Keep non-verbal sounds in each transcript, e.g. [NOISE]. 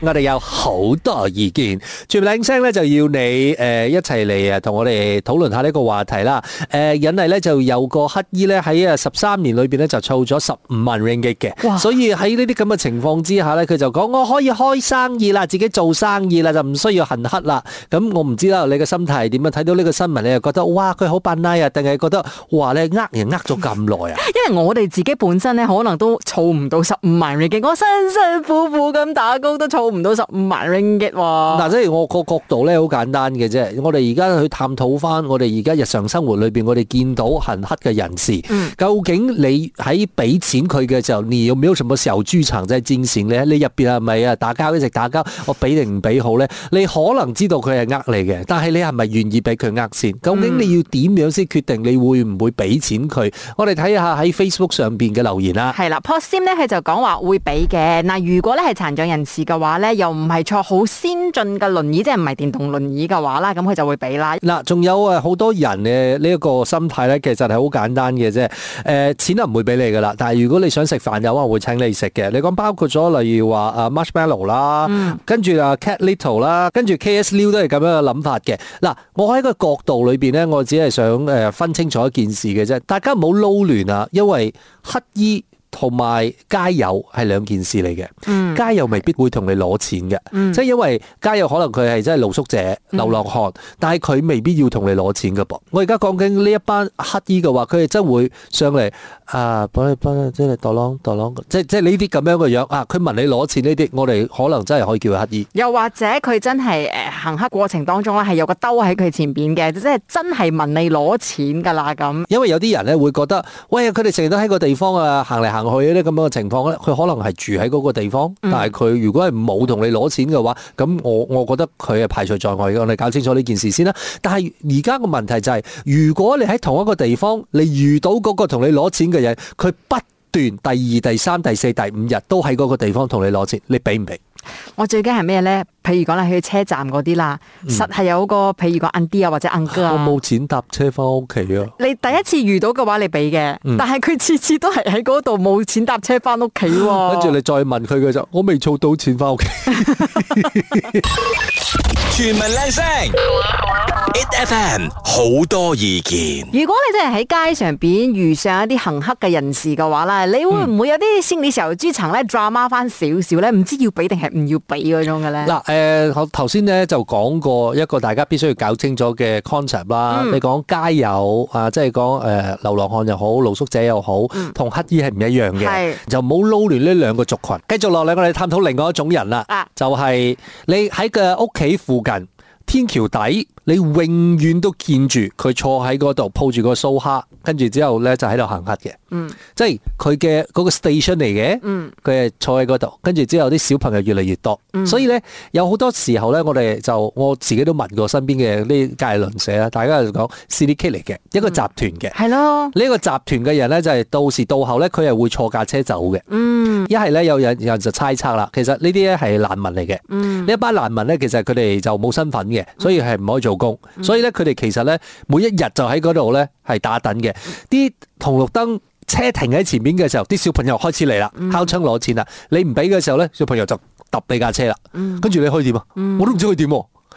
我哋有好多意見，全部拎聲咧就要你誒一齊嚟啊同我哋討論下呢個話題啦。誒，引嚟咧就有個乞衣咧喺啊十三年裏邊咧就儲咗十五萬 ringgit 嘅。所以喺呢啲咁嘅情況之下咧，佢就講我可以開生意啦，自己做生意啦就唔需要行乞啦。咁我唔知啦，你嘅心態點樣啊？睇到呢個新聞，你又覺得哇佢好笨拉啊？定係覺得哇你呃人呃咗咁耐啊？因為我哋自己本身咧可能都儲唔到十五萬 ringgit，我辛辛苦苦咁打工都儲。唔到十五萬 ringgit 喎。嗱，即係我個角度咧，好簡單嘅啫。我哋而家去探討翻，我哋而家日常生活裏面，我哋見到行黑嘅人士，究竟你喺俾錢佢嘅時候，你有冇什麼後續層即係戰線咧？你入面係咪啊，打交一直打交，我俾定唔俾好咧？你可能知道佢係呃你嘅，但係你係咪願意俾佢呃先？究竟你要點樣先決定你會唔會俾錢佢？我哋睇下喺 Facebook 上面嘅留言啦。係啦 p o s t m a 佢就講話會俾嘅。嗱，如果咧係殘障人士嘅話，咧又唔係坐好先進嘅輪椅，即係唔係電動輪椅嘅話啦，咁佢就會俾啦。嗱，仲有啊，好多人嘅呢一個心態咧，其實係好簡單嘅啫。誒，錢都唔會俾你噶啦。但係如果你想食飯嘅話，有話會請你食嘅。你講包括咗例如話啊，Marshmallow 啦、嗯，跟住啊，Cat Little 啦，跟住 KS Liu 都係咁樣嘅諗法嘅。嗱，我喺個角度裏面咧，我只係想誒分清楚一件事嘅啫。大家唔好撈亂啊，因為乞衣。同埋街友係兩件事嚟嘅，街友未必會同你攞錢嘅，即係因為街友可能佢係真係露宿者、流浪漢，但係佢未必要同你攞錢㗎噃。我而家講緊呢一班乞衣嘅話，佢哋真會上嚟啊，幫你幫即係墮浪墮浪，即係即係呢啲咁樣嘅樣啊！佢問你攞錢呢啲，我哋可能真係可以叫佢乞衣。又或者佢真係誒行乞過程當中咧，係有個兜喺佢前邊嘅，即係真係問你攞錢㗎啦咁。因為有啲人咧會覺得，喂，佢哋成日都喺個地方啊行嚟行。佢咧咁樣嘅情況咧，佢可能係住喺嗰個地方，但係佢如果係冇同你攞錢嘅話，咁我我覺得佢係排除在外嘅。我哋搞清楚呢件事先啦。但係而家個問題就係，如果你喺同一個地方，你遇到嗰個同你攞錢嘅人，佢不斷第二、第三、第四、第五日都喺嗰個地方同你攞錢，你俾唔俾？我最驚係咩呢？譬如講啦，去車站嗰啲啦，實係有個譬如個 Andy 啊或者 Uncle 啊，我冇錢搭車翻屋企啊！你第一次遇到嘅話你的，你俾嘅，但係佢次次都係喺嗰度冇錢搭車翻屋企喎。跟住你再問佢嘅時候，我未儲到錢翻屋企。全民靚聲，it fm 好多意見。如果你真係喺街上邊遇上一啲行乞嘅人士嘅話咧，你會唔會有啲心理時候嘅層咧抓孖翻少少咧？唔知要俾定係唔要俾嗰種嘅咧？嗱誒，我頭先咧就講過一個大家必須要搞清楚嘅 concept 啦。嗯、你講街友啊，即係講誒流浪漢又好，露宿者又好，同乞兒係唔一樣嘅，是就唔好撈亂呢兩個族群。繼續落嚟，我哋探討另外一種人啦，啊、就係你喺個屋企附近天橋底。你永遠都見住佢坐喺嗰度，抱住個蘇蝦，跟住之後咧就喺度行乞嘅。嗯，即係佢嘅嗰個 station 嚟嘅。嗯，佢係坐喺嗰度，跟住之後啲小朋友越嚟越多。嗯、所以咧，有好多時候咧，我哋就我自己都問過身邊嘅啲界鄰社啦，大家就講 City kid 嚟嘅，一個集團嘅。係咯、嗯，呢個個集團嘅人咧就係、是、到時到後咧佢係會坐架車走嘅。嗯，一係咧有人有人就猜測啦，其實呢啲咧係難民嚟嘅。嗯，呢一班難民咧其實佢哋就冇身份嘅，所以係唔可以做工，所以咧，佢哋其實咧，每一日就喺嗰度咧，係打等嘅。啲紅綠燈車停喺前面嘅時候，啲小朋友開始嚟啦，敲窗攞錢啦。你唔俾嘅時候咧，小朋友就揼你架車啦。跟住你可以點啊？我都唔知佢點。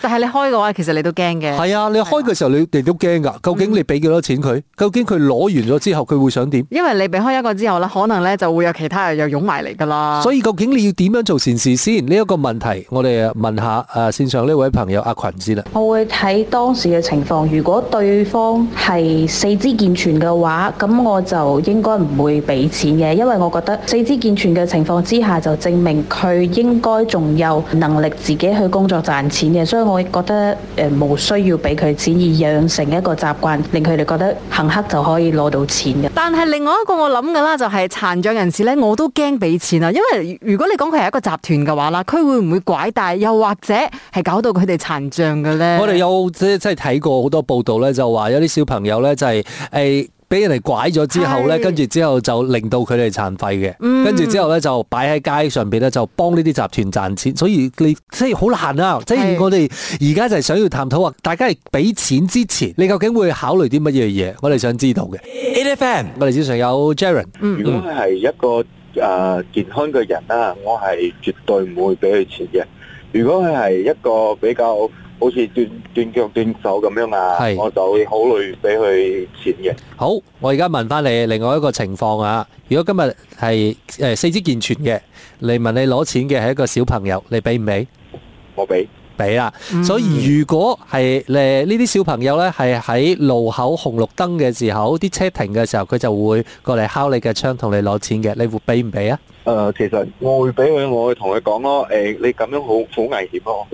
但係你開嘅話，其實你都驚嘅。係啊，你開嘅時候你哋都驚噶，究竟你俾幾多錢佢？嗯、究竟佢攞完咗之後，佢會想點？因為你俾開一個之後咧，可能咧就會有其他人又湧埋嚟噶啦。所以究竟你要點樣做善事先？呢、這、一個問題，我哋問一下誒、啊、綫上呢位朋友阿、啊、群先啦。我會睇當時嘅情況，如果對方係四肢健全嘅話，咁我就應該唔會俾錢嘅，因為我覺得四肢健全嘅情況之下，就證明佢應該仲有能力自己去工作賺錢嘅，所以。我覺得誒、呃、冇需要俾佢錢，以養成一個習慣，令佢哋覺得行乞就可以攞到錢嘅。但係另外一個我諗㗎啦，就係殘障人士呢，我都驚俾錢啊，因為如果你講佢係一個集團嘅話啦，佢會唔會拐帶，又或者係搞到佢哋殘障嘅呢？我哋有即係睇過好多報道呢，就話有啲小朋友呢，就係、是、誒。欸俾人哋拐咗之後咧，跟住是之後就令到佢哋殘廢嘅。跟住、嗯、之後咧，就擺喺街上邊咧，就幫呢啲集團賺錢。所以你即係好難啦、啊，是即係我哋而家就係想要探討話，大家係俾錢之前，你究竟會考慮啲乜嘢嘢？我哋想知道嘅。a fam，我哋主持有 Jaren、嗯、如果佢係一個誒、呃、健康嘅人啦，我係絕對唔會俾佢錢嘅。如果佢係一個比較，好似斷斷腳斷手咁樣啊，係，我就會考慮俾佢錢嘅。好，我而家問翻你另外一個情況啊，如果今日係誒四肢健全嘅，嚟問你攞錢嘅係一個小朋友，你俾唔俾？我俾，俾啊。所以如果係誒呢啲小朋友咧，係喺路口紅綠燈嘅時候，啲車停嘅時候，佢就會過嚟敲你嘅窗同你攞錢嘅，你會俾唔俾啊？誒，其實我會俾佢，我會同佢講咯。誒，你咁樣好好危險咯。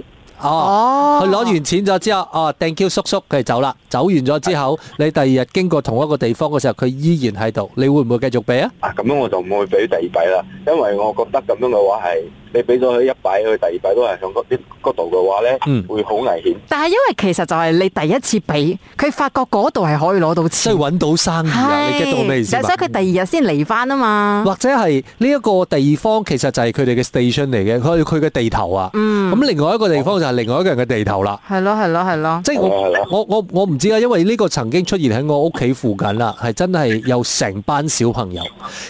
哦，佢攞、oh, oh. 完錢咗之後，哦、oh,，thank you 叔叔佢走啦，走完咗之後，Yes. 你第二日經過同一個地方嘅時候，佢依然喺度，你會唔會繼續俾啊？啊，咁樣我就唔會俾第二筆啦，因為我覺得咁樣嘅話係。你俾咗佢一擺，佢第二擺都係響嗰啲嗰度嘅話咧，會好危險。但係因為其實就係你第一次俾，佢發覺嗰度係可以攞到錢，所以揾到生意啊！你驚到咩事？但係所以佢第二日先嚟翻啊嘛。或者係呢一個地方其實就係佢哋嘅 station 嚟嘅，佢佢嘅地頭啊。嗯。咁另外一個地方就係另外一個人嘅地頭啦。係咯係咯係咯。即係我我我我唔知啊，因為呢個曾經出現喺我屋企附近啦，係真係有成班小朋友，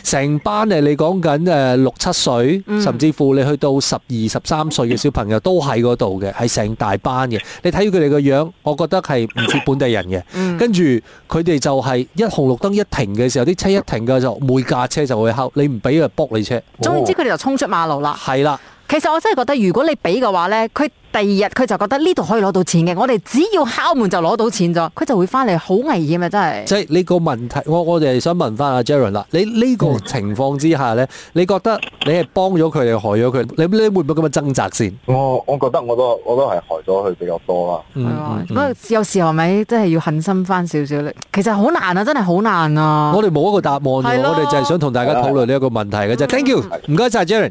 成班誒你講緊誒六七歲，甚至乎你。去到十二、十三歲嘅小朋友都喺嗰度嘅，係成大班嘅。你睇佢哋個樣，我覺得係唔似本地人嘅。嗯、跟住佢哋就係一紅綠燈一停嘅時候，啲車一停嘅就每架車就會敲。你唔俾佢就駁你車。總言之，佢哋就衝出馬路啦。係啦、哦。其實我真係覺得，如果你俾嘅話咧，佢第二日佢就覺得呢度可以攞到錢嘅。我哋只要敲門就攞到錢咗，佢就會翻嚟，好危險啊！真係。即係你個問題，我我哋想問翻阿 Jaren 啦，你呢個情況之下咧， [LAUGHS] 你覺得你係幫咗佢定害咗佢？你你會唔會咁樣掙扎先？我我覺得我都我都係害咗佢比較多啦。不過有時候係咪真係要狠心翻少少咧？其實好難啊，真係好難啊！我哋冇一個答案嘅，咯我哋就係想同大家討論呢一個問題嘅就的 Thank you，唔該晒 Jaren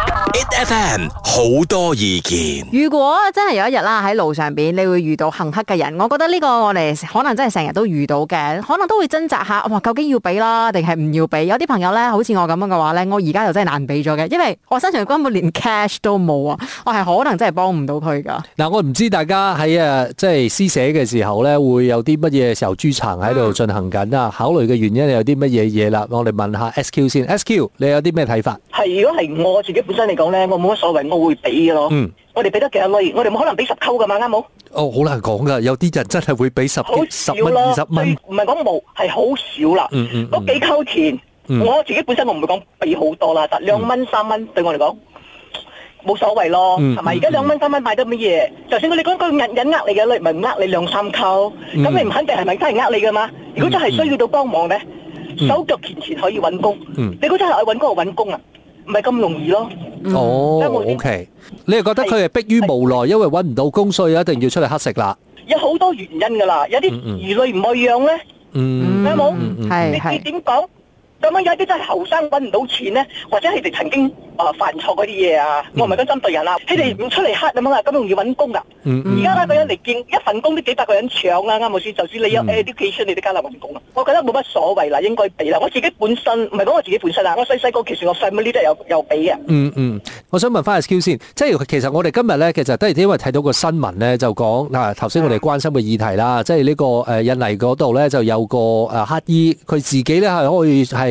it fm 好多意見。如果真係有一日啦，喺路上邊你會遇到行乞嘅人，我覺得呢個我哋可能真係成日都遇到嘅，可能都會掙扎下，哇，究竟要俾啦，定係唔要俾？有啲朋友咧，好似我咁樣嘅話咧，我而家又真係難俾咗嘅，因為我身上根本連 cash 都冇啊，我係可能真係幫唔到佢噶。嗱，我唔知大家喺誒，即係施捨嘅時候咧，會有啲乜嘢時候豬層喺度進行緊啊？考慮嘅原因有啲乜嘢嘢啦？我哋問下 SQ 先，SQ 你有啲咩睇法？係如果係我自己本身嚟講。講咧，我冇乜所謂，我會俾嘅咯。嗯，我哋俾得幾多呢單？我哋冇可能俾十嚿噶嘛，啱冇？哦，好難講噶，有啲人真係會俾十十蚊、二十蚊，唔係講冇，係好少啦。嗯嗯，嗰幾嚿錢，我自己本身我唔會講俾好多啦，但兩蚊三蚊對我嚟講冇所謂咯，係咪？而家兩蚊三蚊買得乜嘢？就算佢哋講句人人呃你嘅，咪唔呃你兩三嚿？咁你唔肯定係咪真係呃你噶嘛？如果真係需要到幫忙咧，手腳健全可以搵工。嗯，你估真係去搵工就搵工啊。唔係咁容易咯。哦，OK，你係覺得佢係迫於無奈，因為搵唔到工，所以一定要出嚟乞食啦。有好多原因噶啦，有啲魚類唔一樣咧，嗯嗯、有冇，是你知點講？是咁樣有啲真係後生揾唔到錢咧，或者係佢哋曾經啊犯錯嗰啲嘢啊，我唔係咁針對人啦，佢哋唔出嚟乞咁啊，咁容易揾工噶。嗯嗯。而家咧個人嚟見一份工，都幾百個人搶啦，啱唔啱先？就算你有 education，你都難揾到工啦。我覺得冇乜所謂啦，應該俾啦。我自己本身唔係講我自己本身啦，我細細個其實我 family 都有有俾嘅。嗯嗯。我想問翻阿 Q 先，即係其實我哋今日咧，其實都係因為睇到個新聞咧，就講嗱頭先我哋關心嘅議題啦，即係呢個誒印尼嗰度咧就有個誒乞衣，佢自己咧係可以係。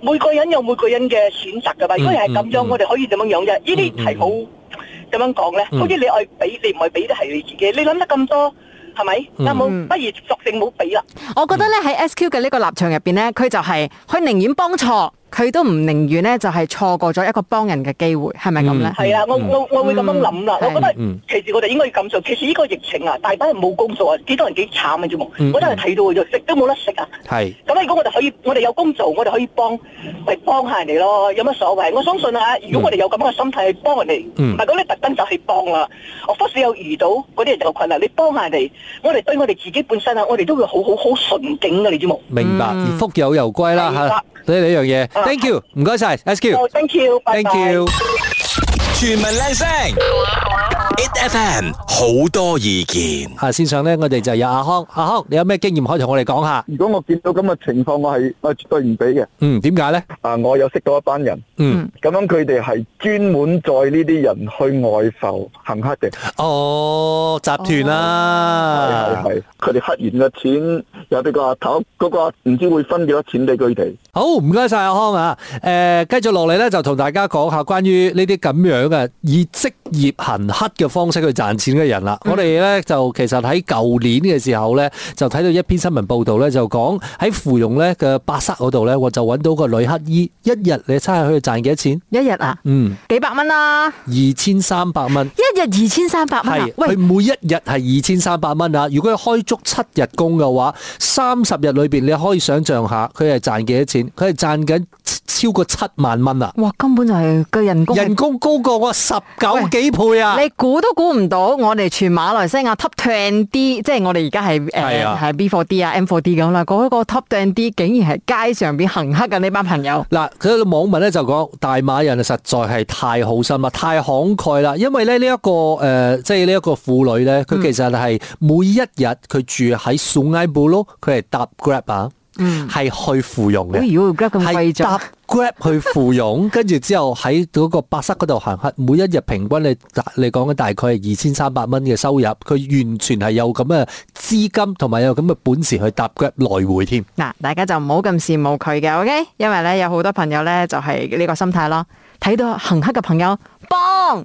每個人有每個人嘅選擇噶嘛，如果係咁樣，我哋可以點樣樣啫？呢啲係好點樣講咧？好似你愛俾，你唔愛俾都係你自己，你諗得咁多係咪？但冇不如索性冇俾啦？我覺得咧喺 SQ 嘅呢個立場入邊咧，佢就係佢寧願幫錯。佢都唔寧願咧，就係錯過咗一個幫人嘅機會，係咪咁咧？係啊、嗯，我我我會咁樣諗啦。嗯、我覺得其實我哋應該要咁做。其實呢個疫情啊，大把人冇工作，啊，幾多人幾慘嘅啫麼？我真係睇到佢就食都冇得食啊。係是。咁如果我哋可以，我哋有工做，我哋可以幫嚟幫下人哋咯，有乜所謂？我相信啊，如果我哋有咁嘅心態去幫人哋，唔係講你特登就係幫啦。我即使有遇到嗰啲人有困難啊，你幫下人哋，我哋對我哋自己本身啊，我哋都會好好好順境嘅，你知麼？明白，福有攸歸啦嚇白、啊。對呢樣嘢。Thank you，唔該晒，S you Thank you，Thank you，全民靚聲，It FM，好多意見。啊，線上咧，我哋就有阿康，阿康，你有咩經驗可以同我哋講下？如果我見到咁嘅情況，我係我係絕對唔俾嘅。嗯，點解咧？啊，我有識到一班人，嗯，咁樣佢哋係專門載呢啲人去外埠行乞嘅。哦，集團啦、啊，係佢哋乞完嘅錢有啲個阿頭，嗰，那個唔知會分幾多錢俾佢哋。好，唔該晒阿康啊！誒、呃，繼續落嚟咧，就同大家講下關於呢啲咁樣嘅以職業行乞嘅方式去賺錢嘅人啦。嗯、我哋咧就其實喺舊年嘅時候咧，就睇到一篇新聞報道咧，就講喺芙蓉咧嘅巴剎嗰度咧，我就揾到個女乞衣，一日你猜下佢賺幾多錢？一日啊，嗯，幾百蚊啦、啊，二千三百蚊，一日二千三百蚊係，佢是喂每一日係二千三百蚊啊！如果佢開足七日工嘅話，三十日裏邊你可以想象下，佢係賺幾多錢？佢係賺緊超過七萬蚊啊！哇，根本就係個人工，人工高過我十九幾倍啊！你估都估唔到，我哋全馬來西亞 top ten D，即係我哋而家係誒係 B four D 啊，M four D 咁啦。嗰個個 top ten D 竟然係街上邊行乞㗎。呢班朋友。嗱，佢個網民咧就講，大馬人實在係太好心啦，太慷慨啦，因為咧呢一個誒，即係呢一個婦女咧，佢其實係每一日佢住喺 Sungai Buloh，佢係搭 Grab 啊。嗯，係去芙蓉嘅，係、哦、搭 grab 去芙蓉，跟住之後喺嗰個白色嗰度行乞，每一日平均你你講嘅大概係二千三百蚊嘅收入，佢完全係有咁嘅資金同埋有咁嘅本事去搭 grab 來回添。嗱，大家就唔好咁羨慕佢嘅，OK？因為咧有好多朋友咧就係呢個心態咯，睇到行乞嘅朋友幫。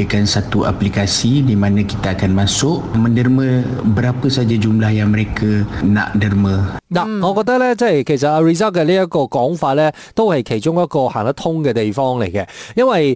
嗱，嗯、我覺得呢，即其實阿 Riza 的這個講法呢，都是其中一個行得通的地方來的。因為，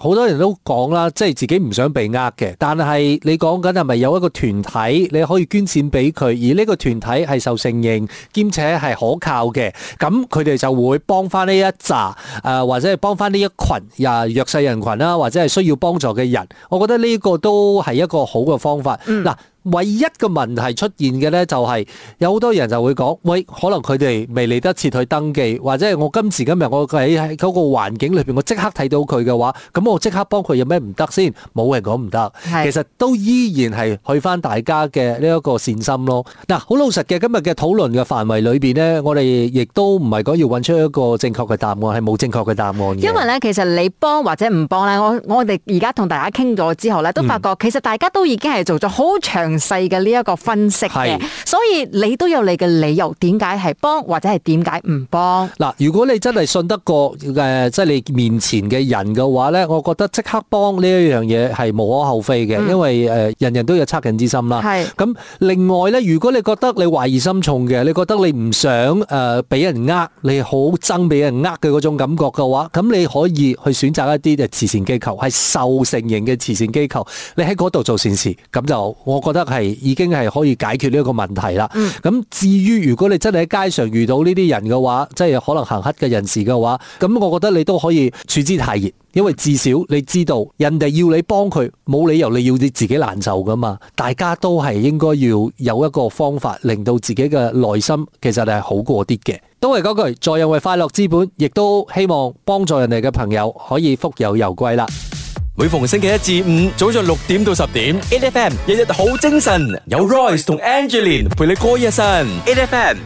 好、呃、多人都講啦，即自己不想被呃的。但是你講的，是不是有一個團體，你可以捐錢給他，而這個團體是受承認，兼且是可靠的，那他們就會幫返這一群、呃、或者幫返這一群體、呃、弱勢人群、啊，或者需要幫助嘅人，我覺得呢個都係一個好嘅方法。嗱。嗯唯一嘅問題出現嘅咧，就係有好多人就會講：喂，可能佢哋未嚟得切去登記，或者係我今時今日我喺喺嗰個環境裏邊，我即刻睇到佢嘅話，咁我即刻幫佢，有咩唔得先？冇人講唔得，其實都依然係去翻大家嘅呢一個善心咯。嗱，好老實嘅，今日嘅討論嘅範圍裏邊咧，我哋亦都唔係講要揾出一個正確嘅答案，係冇正確嘅答案嘅。因為咧，其實你幫或者唔幫咧，我我哋而家同大家傾咗之後咧，都發覺其實大家都已經係做咗好長細嘅呢一個分析嘅，是所以你都有你嘅理由，點解係幫或者係點解唔幫？嗱，如果你真係信得過誒、呃，即係你面前嘅人嘅話咧，我覺得即刻幫呢一樣嘢，係無可厚非嘅，嗯、因為誒、呃、人人都有惻隱之心啦。係咁是，另外咧，如果你覺得你懷疑心重嘅，你覺得你唔想誒俾人呃，被人你好憎俾人呃嘅嗰種感覺嘅話，咁你可以去選擇一啲嘅慈善機構，係受承認嘅慈善機構，你喺嗰度做善事，咁就我覺得。係已經係可以解決呢一個問題啦。咁、嗯、至於如果你真係喺街上遇到呢啲人嘅話，即係可能行乞嘅人士嘅話，咁我覺得你都可以處之泰然，因為至少你知道人哋要你幫佢，冇理由你要你自己難受噶嘛。大家都係應該要有一個方法，令到自己嘅內心其實係好過啲嘅。都係嗰句，助人為快樂之本，亦都希望幫助人哋嘅朋友可以福有攸歸啦。每逢星期一至五早上六點到十點 8FM 日日好精神，有 Royce 同 Angeline 陪你歌一 8FM